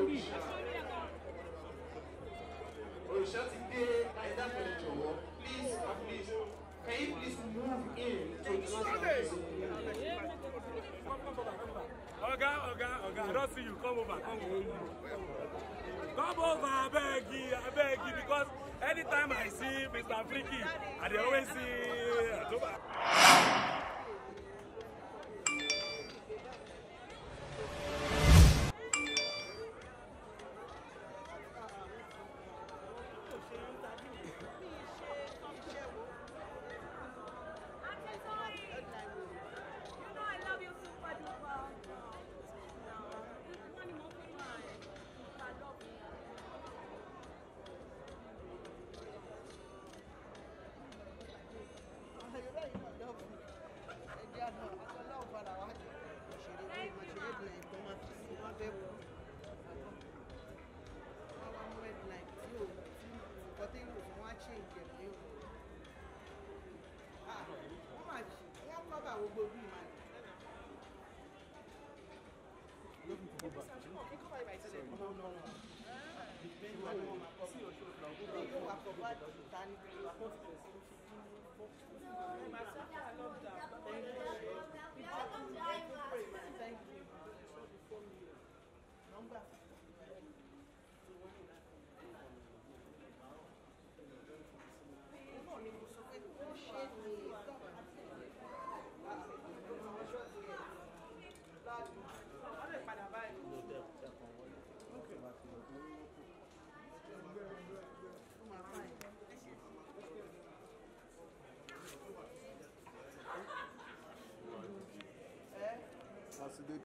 Orisha ti dé ẹ̀dá kan jọ̀wọ́ please and please can you please move in to the space. Oga oga oga I don't see you come over come over. Come over I I beg you, beg you, because anytime I see Mr. Friki I always see lẹ́kọ̀ọ́ wọ́n wá mú headline tí ò tí nǹkan tí wò fún wọn á change o wọ́n máa ṣe wọ́n kọ́ bá gbogbo ìmọ̀ rẹ̀. Thank you.